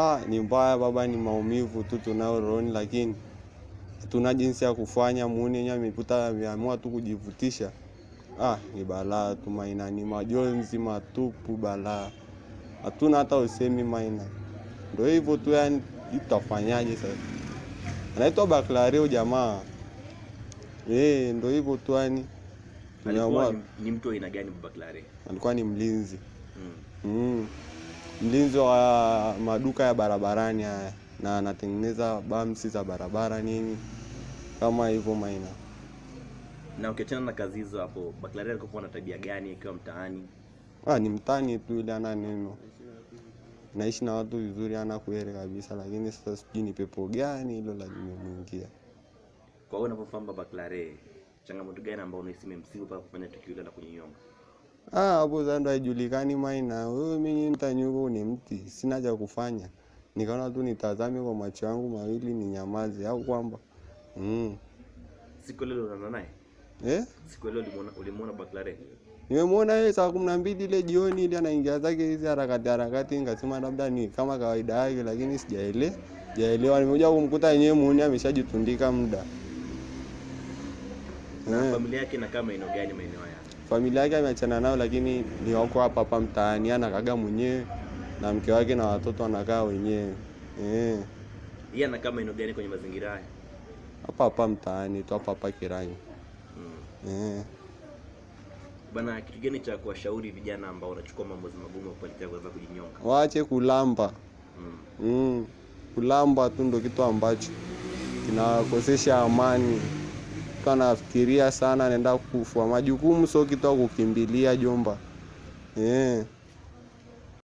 ah, ni mbaya baba, ni maumivu tu tunayo rohoni, lakini hatuna jinsi ya kufanya. Muone yenyewe amekuta ameamua tu kujivutisha. Ah, ni balaa tu Maina, ni majonzi matupu, balaa. Hatuna hata usemi Maina, ndio hivyo tu, yani itafanyaje sasa? Anaitwa Baklario jamaa eh, ndio hivyo tu yani. Alikuwa ni mtu aina gani Baklario? Alikuwa ni mlinzi mm. Mm mlinzi wa maduka ya barabarani haya, na anatengeneza bamsi za barabara nini kama hivyo Maina. Na ukiachana na kazi hizo hapo, Baklaria alikuwa na tabia gani akiwa mtaani? Ah, ni mtaani tu yule, ana neno, naishi na watu vizuri, ana kuere kabisa, lakini sasa sijui ni pepo gani hilo la limemwingia. Kwa hiyo unapofamba Baklari, changamoto gani ambayo unahisi imemsibu mpaka kufanya tukio la kujinyonga? Ah, hapo sasa ndo haijulikani maina wewe, mimi nitanyuko ni mti, sina cha kufanya, nikaona tu nitazame kwa macho yangu mawili ni ninyamaze, au kwamba mm. Siku ile ulionana naye eh, siku ile ulimuona, ulimuona Baklare? Nimemuona yeye saa kumi na mbili ile jioni ile anaingia zake hizi harakati harakati, nikasema labda ni kama kawaida yake, lakini sijaelewa sijaelewa. Nimekuja kumkuta yeye muone ameshajitundika muda. Na eh. familia yake inakaa maeneo gani maeneo yake? Familia yake ameachana nao, lakini ni wako hapa hapa mtaani, anakaga mwenyewe na mke wake na watoto anakaa wenyewe eh. Yeye ana kama ino gani kwenye mazingira haya? Hapa hapa mtaani tu, hapa hapa Kirani. Mm. Eh. Bana, kitu gani cha kuwashauri vijana ambao wanachukua maamuzi magumu kuelekea kuweza kujinyonga? Waache kulamba. Mm. Mm. Kulamba tu ndio kitu ambacho kinawakosesha amani. Nilikuwa nafikiria sana, naenda kufua majukumu, sio kitu kukimbilia jomba, yeah.